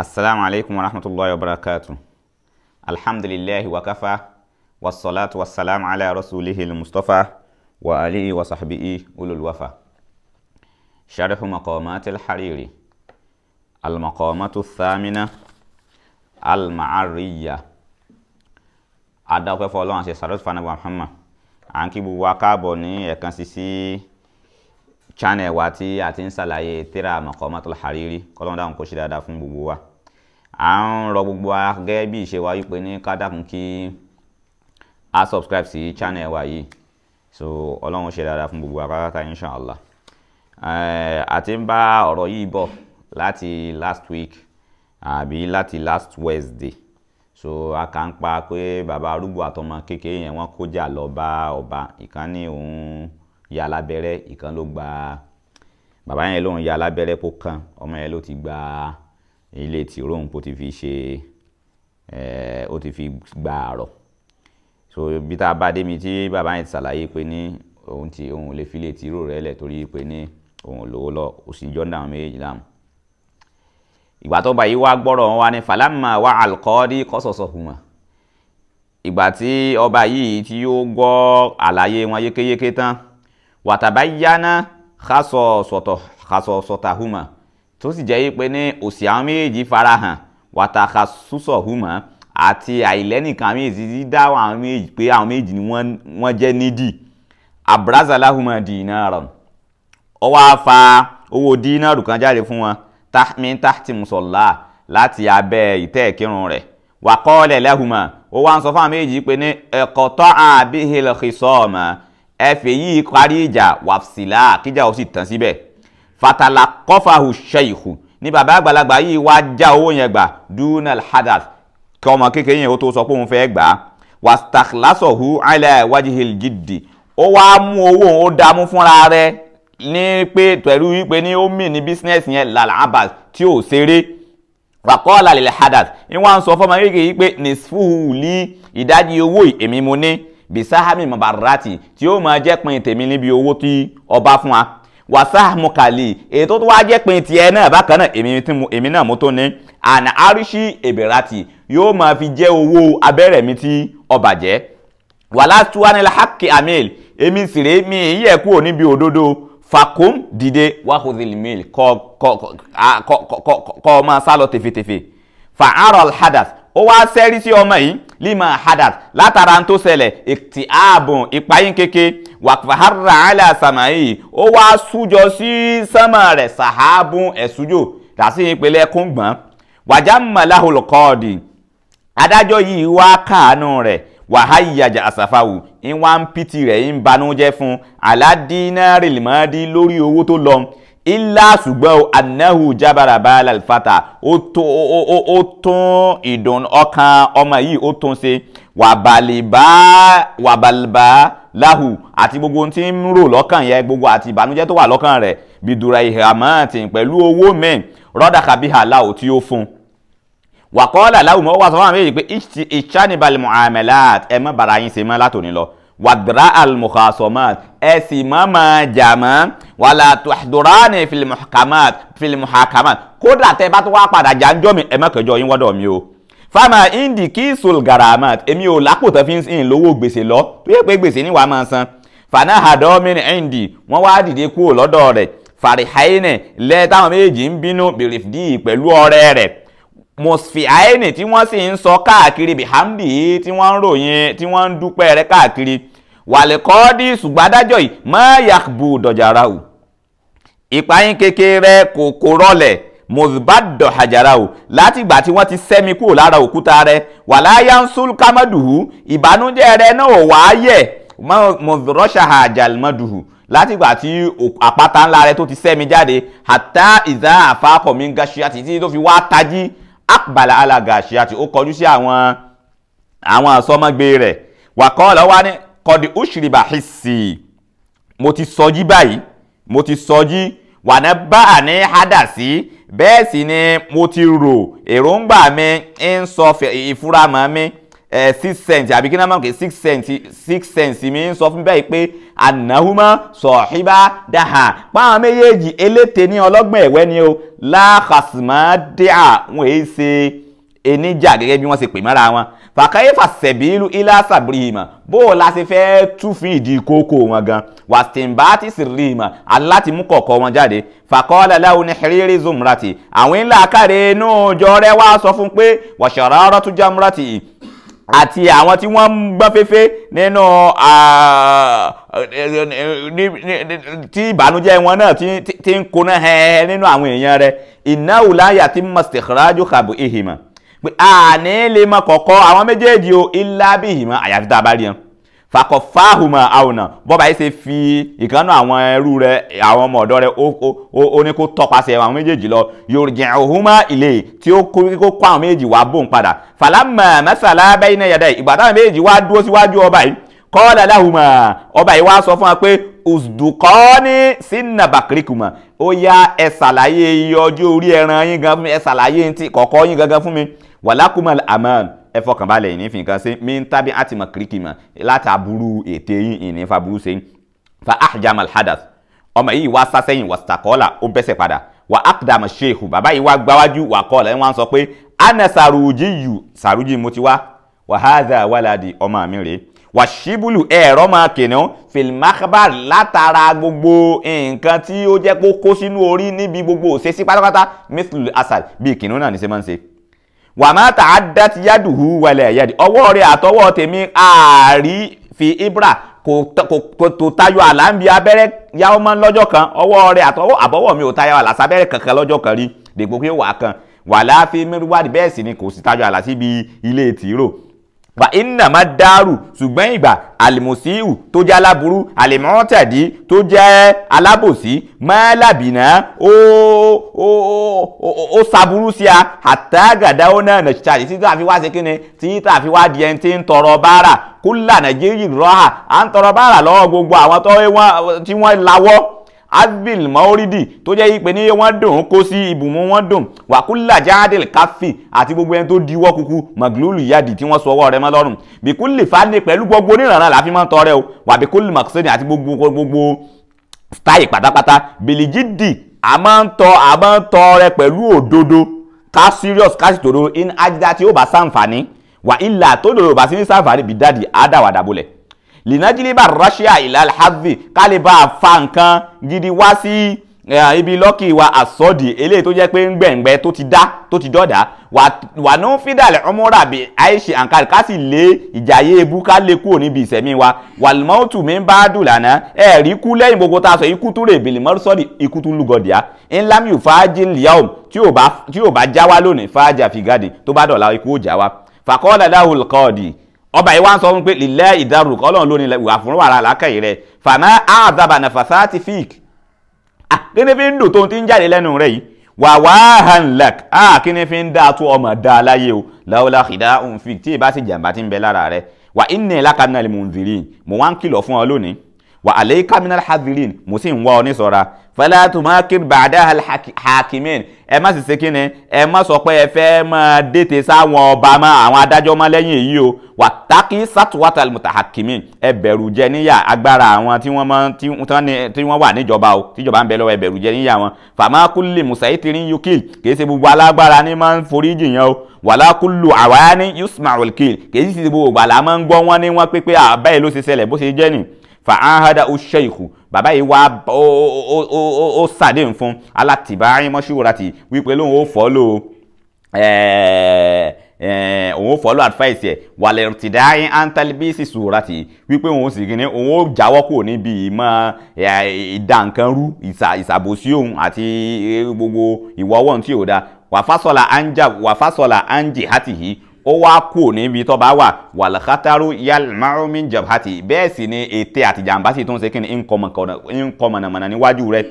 السلام عليكم ورحمة الله وبركاته الحمد لله وكفى والصلاة والسلام على رسوله المصطفى وآله وصحبه أولو الوفا شرح مقامات الحريري المقامات الثامنة المعرية adáwọ́pẹ́ fọlọ́run àti sàrọ́tù fanabọ́ Muhammad à ń kí gbogbo wa káàbọ̀ ní ẹ̀kan sí sí channel wa tí a ti ń ṣàlàyé tírà Maqamatul Hariri kọ́lọ́run dáhùn kó ṣe dáadáa fún gbogbo wa à ń rọ gbogbo wa gẹ́gẹ́ bí ìṣe wa wípé ní ká dákun kí a subscribe sí channel wa yìí so ọlọ́run ṣe dáadáa fún gbogbo wa pátápátá inshallah àti eh, ń bá ọ̀rọ̀ yìí bọ̀ láti last week àbí láti last Wednesday so a kà ń pa pé bàbá arúgbó àtọmọ kékeré yẹn wọ́n kójà lọ bá ọba ìkan ní òun ya lábẹ́rẹ́ ìkan ló gba bàbá yẹn lòun ya lábẹ́rẹ́ kó kan ọmọ yẹn ló ti gba ilé ti Rome ó ti fi ṣe eh, ó ti fi gba àrọ̀ so bí tá a bá débi tí bàbá yẹn ti ṣàlàyé pé ní òun ti òun lè fi ilé tìró rẹ̀ lẹ̀ torí pé ní òun lówó lọ òsì jọ́ndà àwọn méjèèjì láàmú ìgbà tó bá yìí wá gbọ́rọ̀ wọn wá ní falama wa alkọ́ọ́dí kọ́sọ̀sọ̀ hùmà ìgbà tí ọba yìí tí yóò gbọ́ àlàyé wọn yékéyéké tán wàtàbá yáná xasọ̀ sọ̀tọ̀ xasọ̀ tó sì jẹ́ pé ní òsì àwọn méjèèjì farahàn wàtàkà súsọ̀ hùmọ́ àti àìlẹ́nìkan méjì tí dá àwọn méjì pé àwọn méjì ni wọ́n jẹ́ nídì abrazalahuma dinaran ó wá fa owó dínàrù kan jáde fún wọn min tahti musalla láti abẹ́ ìtẹ́ ìkírun rẹ̀ wàkọ́ọ̀lẹ̀ lẹ́hùmọ̀ ó wá ń sọ fún àwọn méjì pé ní ẹ̀kọ́ tọ́ àbíhìlẹ̀ kìsọ́ọ̀mọ̀ ẹ fèyí parí ìjà wàfsílà kíjà ó sì tán síbẹ̀ fatala kọfàhù ṣẹ́yìkù ní bàbá àgbàlagbà yìí wá já owó yẹn gbà dunal hadath kí ọmọ kékeré yẹn ó tó sọ pé òun fẹ́ gbà á wàstàkìlásọ̀hù ala wajihil jiddi ó wá mú owó òun ó dààmú fúnra rẹ̀ ní pé pẹ̀lú wípé ní ó mì ní bísínẹ́sì yẹn làlábà tí ò ṣeré wàkọ́ọ̀lá lil hadath ìwọ̀n sọ fọmọ kékeré yìí pé nisfuhu li owó èmi mo ní bisahami mabarati tí ó máa jẹ́ pin tèmi níbi owó tí ọba fún wa wàsá mukali èyí tó tó wá jẹ́ pin tiẹ̀ náà bákan náà èmi náà mo tó ní àná àríṣì èbèràtì yóò máa fi jẹ́ owó abẹ́rẹ́ mi tí ọba jẹ́ wàlá tuwanila hakki amil èmi sì rè mi yẹ kúrò níbi òdodo fakum dìde wahudil mil kọ kọ kọ kọ kọ máa sálọ tẹfẹtẹfẹ fa arol ó wá sẹ́rí sí ọmọ yìí lima hadat látara tó ṣẹlẹ̀ ètì ààbùn ìpayín kéke wàfàhárà àlà sàmáyé ó wá sújọ sí sánmà rẹ̀ sàhábùn ẹ̀sújò dàsí ìpínlẹ̀ kúngbọ̀n wàjà mọ̀láhùlùkọ́ọ̀dì adájọ́ yìí wá káàánú rẹ̀ wàháyíyàjà àsàfàwù ń wá rẹ̀ ń banújẹ́ fún aládínárìlmọ́dí lórí owó tó lọ ilá ṣùgbọ́n o anahu jabara baala alfata ó tún ìdùn ọkàn ọmọ yìí ó tún ṣe wàbàlìbá láhù àti gbogbo tí ń rò lọ́kàn yẹn gbogbo àti ìbànújẹ́ tó wà lọ́kàn rẹ̀ bìdúrà ìhàmọ́tì pẹ̀lú owó mẹ́ẹ̀ rọ́dà kàbíhà láhù tí ó fún un wàkọ́ọ́là láwùú mọ́ wà sọ àwọn méjì pé ìṣánibàlì mu'amalat ẹ mọ́ bàrà yín ṣe mọ́ látòní lọ wàdúrà al-mukhasamat ẹ sì má máa jà mọ́ wàlà tuhdurani fil muhakamat fil muhakamat kódà tẹ bá tó wá padà jà ń jọ́ mi ẹ má kẹjọ yín wọ́dọ̀ mi o fama indi kí sol garamat èmi ò lápòtán fi ń sìn lówó gbèsè lọ tó yẹ pé gbèsè ni wàá máa san fana hadomin indi wọ́n wá dìde kúrò lọ́dọ̀ rẹ̀ farihaine lẹ táwọn méjì ń bínú bèrèfìdí pẹ̀lú ọ̀rẹ́ rẹ̀ mosfihaine tí wọ́n sì ń sọ káàkiri bihamdi tí wọ́n ń ròyìn tí wọ́n ń dúpẹ́ rẹ̀ káàkiri wàlẹ̀kọ́ọ́dí ṣùgbọ́n adájọ́ yìí máa yàgbù dọ̀jàrà o ìpayín kékeré kò kò rọlẹ̀ mozbaddo hajara o láti ìgbà tí wọ́n ti sẹ́mi kúrò lára òkúta rẹ̀ wàláyánsul kamaduhu ìbànújẹ́ rẹ̀ náà wàá yẹ̀ mozrọ́ṣà hajalmaduhu láti ìgbà tí àpáta ńlá rẹ̀ tó ti sẹ́mi jáde hata ìzá àfàkọ̀ mi gàṣíàtì títí tó fi wá tají àpàlà alàgàṣíàtì ó kọjú sí àwọn àwọn àsọmọgbé rẹ̀ wàkọ́ ọ̀lọ́wà ní kọ́dí òṣìrìbà hìsì mo ti sọjí báyìí mo ti sọjí wàná bá àní hádà sí bẹ́ẹ̀ sì ni mo ti rò èròǹgbà mi ń sọ ìfura mọ́ mi six cents àbí kí náà máa ń six cents six cents mi ń sọ fún bẹ́ẹ̀ pé ànáhùmá sọ̀híbá dáhà páwọn méjèèjì eléte ní ọlọ́gbọ̀n ẹ̀wẹ́ ni o láàkàsìmọ́ díà wọ́n èé ṣe eníjà gẹ́gẹ́ bí wọ́n ṣe pè mọ́ra wọn fàkàyè fàṣẹ̀bílù ilá sàbírìmọ̀ bó o la ṣe fẹ́ túfin ìdí kókó wọn gan wàtìǹbà ti sìrìmọ̀ aláàtìmú kọ̀ọ̀kọ̀ wọn jáde fàkọ́lá láwọn ní hírírí zumrati àwọn ńlá káre inú ọjọ́ rẹ wá sọ fún pé wọ̀ṣọ̀rọ̀ ọ̀rọ̀ tó jamrati àti àwọn tí wọ́n ń gbọ́n fẹ́fẹ́ nínú tí ìbànújẹ́ wọn náà ti ń koná hẹ́ẹ́ nínú àwọn èèyàn rẹ̀ ìnáwó láyà tí mọ̀sítẹ̀kọ́rájú pé àní lè mọ kọ̀ọ̀kọ́ àwọn méjèèjì o ilá bí ìmọ̀ àyàfi tá a bá rí wọn fakọ fáhùmọ̀ àwòrán bọ́ba yìí ṣe fi ìkànnà àwọn ẹrú rẹ àwọn ọmọ ọ̀dọ́ rẹ ó ní kó tọpasẹ̀ àwọn méjèèjì lọ yorùjẹ́ òhúnmọ́ ilé tí ó kó kó àwọn méjèèjì wá bóun padà fàlámà mẹ́sàlá bẹ́yìn náà yàda ìgbà táwọn méjèèjì wá dúró síwájú ọba yìí kọ́ọ̀lá láhùmọ̀ ọba yìí wá sọ fún wa pé usdukọ́ni sínà bàkìrìkùmọ̀ ó yá ẹ iye ọjọ́ orí ẹran yín gan fún mi ẹ ti kọ̀ọ̀kọ́ yín gangan fún mi wàlákùmọ̀l amal ẹ fọkàn balẹ̀ ìní fi nǹkan ṣe mí ń tábí àtìmọ̀ kìrìkì mọ̀ látàbúrú ètè yín ìní faburú ṣe fa ahjamal hadath ọmọ yìí wá sásẹ́yìn wàsítakọ́là ó bẹ́sẹ̀ padà wà ákdàmù sheikh bàbá yìí wá gbáwájú wà kọ́ọ̀lá wọn sọ pé ana sàrùjì yù sàrùjì mo ti wá wàhádà wàládì ọmọ mi rèé wà ṣíbùlù ẹ̀rọ máa kìnìún fìlmákàbàr látara gbogbo nǹkan tí ó jẹ́ kó kó sínú orí níbi gbogbo òṣèṣì pátápátá mithlu asad bíi kìnìún náà ní sẹ́mọ́ǹsẹ̀ wà má tà á dá ti yádùú wàlẹ̀ ẹ̀yẹ́dì ọwọ́ rẹ̀ àtọwọ́ tèmi ààrí fi ibra kò tó tayọ àlàǹbí abẹ́rẹ́ yáwó mọ́ lọ́jọ́ kan ọwọ́ rẹ̀ àtọwọ́ àbọ̀wọ̀ mi ò tayọ àlàsà abẹ́rẹ́ kankan lọ́jọ́ kan rí dègbò pé wà á kan wà láàfin mẹ́rùwádìí bẹ́ẹ̀ sì ni kò sì tayọ àlàsí bíi ilé tìró wà iná má dárù ṣùgbọ́n ìgbà àlìmọ̀síhù tó jẹ́ aláburú àlìmọ́tàdí tó jẹ́ alábòsí mọ́lábìnà ó ó ó ṣàbúrú sí a àtàgàdá ó náà nà ṣàṣì títí àfi wá ṣe kí ni títí àfi wá di ẹni tí ń tọrọ báárà kúlà nàìjíríà rọ́hà à ń tọrọ báárà lọ́wọ́ gbogbo àwọn tí wọ́n lawọ́ advil maoridi tó jẹ́ ìpè ní wọ́n dùn kó sí ibùmú wọ́n dùn wàkúlà jáàdìl káfí àti gbogbo ẹni tó diwọ́ kúkú maglulu yadi tí wọ́n sọ ọwọ́ rẹ mọ́ lọ́rùn bíkúlì fani pẹ̀lú gbogbo oníranà láfi máa ń tọrẹ o wà bíkúlì maksoni àti gbogbo gbogbo style pátápátá bìlìjìdì a máa ń tọ a máa ń tọrẹ pẹ̀lú òdodo ká serious ká sì tòdo in ajida tí ó bá sàǹfààní wà ilà tó dòdò bá sí ní sàǹfààní bìdáàdì á dà lìnájílíbà rọ́ṣíà ìlàlhàbì ká lè bá a fa nǹkan gidi wá sí eh, ibi lọ́kì wa àsọ́dì eléyìí tó jẹ́ pé ń gbẹ̀ngbẹ́ tó ti dá tó ti dọ́dà wà ní fídàlẹ̀ ọmọọ́rà bí àìṣe àǹkàrí ká sì lé ìjàyè ebú ká lè kúrò níbi ìsẹ̀mí wa wàlmọ́tù mi ń bá dùn lánàá ẹ̀ rí kú lẹ́yìn gbogbo tá a sọ ikú tó rè bìlì mọ́rúsọ́dì ikú tó lùgọ̀dìá ńlá mi ò fàájì lìyàwó tí ò bá já wa lónìí fàájà fìgàdì tó bá dọ̀la ikú ò já wa fàkọ́ọ́lá dáhùn ọba yìí wá ń sọ fún pé lílẹ̀ ìdárò ọlọ́run ló ní ìwà fún wàrà lákàyè rẹ̀ fàmà àdàbà nàfàsà ti fíìk kíni fi ń dùn tó ti ń jáde lẹ́nu rẹ̀ yìí wà wá hanlak kíni fi ń dá tó ọmọ dá láyé o láwùlá ìdá òun tí ìbá sì jàǹbá ti ń bẹ lára rẹ̀ wà ìnà ìlàkànnà lè mú un zìrì wá ń kìlọ̀ fún ọ lónìí wà àlẹ́ kámínà hadirin mo sì ń wá ọ nísọ̀ra fala tumakir ba'daha al-hakimin ẹ má sì ṣe kí ni ẹ má sọ pé ẹ fẹ́ máa dètè sáwọn ọba mọ́ àwọn adájọ́ mọ́ lẹ́yìn èyí o wattaqi satwata al-mutahakimin ẹ bẹ̀rù jẹ níyà agbára àwọn tí wọ́n mọ tí wọ́n wà níjọba o tíjọba ń bẹ lọ́wọ́ ẹ bẹ̀rù jẹ níyà wọn fama kulli musaitirin yukil kì í ṣe gbogbo alágbára ni máa ń forí jìyàn o wala kullu awani kì í ṣe gbogbo ìgbàlá máa ń gbọ́ wọn ní wọn pé pé àbáyé ló ṣe ṣẹlẹ̀ bó ṣe jẹ́ nì fa'ahada uṣ-ṣaykhu bàbá yìí wá ó ṣàdéhùn fún alátìbáyín mọ́ṣúwòrátì wípé lóun ó fọ́lò eh, eh, òun ó fọ́lò advice ẹ̀ wàlẹ̀ ti dáyín antalibisi sùwòrátì wípé òun ó sì kíni òun ó jáwọ́ kúrò níbi ìmọ̀ eh, ìdá nǹkan rú ìṣàbòsí òun àti gbogbo ìwọ́wọ́n tí ò da wàfásọ̀là anjì hátìhì ó wá kù níbi tó bá wà wàlàkátàrú yalmaru min jabhati bẹ́ẹ̀ sì ni ète àtìjàmbá sì tún ṣe kíni ń kọ mọ̀nàmọ̀nà níwájú rẹ̀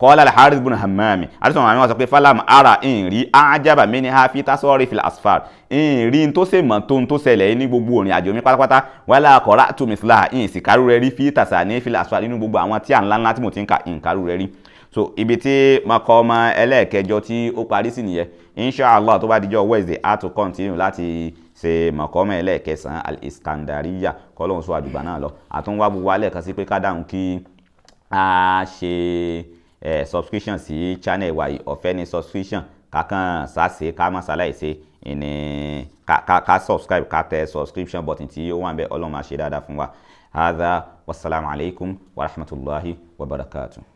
kọ́lá al-Harith ibn Hammam àdìsàn àwọn àwọn sọ pé falam ara ìrì ajaba minha fi tasọ́rí fil asfar ìrì tó ṣe mọ̀ tó ń tó ṣẹlẹ̀ ní gbogbo òrìn àjò mi pátápátá wala qara'tu mithla ìyìn kárú rẹ̀ rí fi tàṣà ní fil asfar nínú gbogbo àwọn tí à ńlá ńlá tí mo ti ń ka ìǹkárú rẹ̀ rí so ibi tí makọ́mọ ẹlẹ́ẹ̀kẹjọ tí ó parí sí nìyẹn inshallah tó bá dijọ́ wednesday a tún continue láti ṣe mọ̀kọ́mọ́ ẹlẹ́ẹ̀kẹsàn-án al-iskandariya kọ́lọ́hún sọ àdùgbà náà lọ àtúnwá gbogbo alẹ́ kan sí pé ká dáhùn kí a ṣe eh, subscription sí channel wa yìí ọ̀fẹ́ ní subscription kakan sase ká má ṣaláìsí ìní ká ká subscribe ká tẹ subscription button tí ó wà ń bẹ ọlọ́run máa ṣe dáadáa fún wa hadha wasalaamu alaykum wa rahmatulahi wa barakatuh.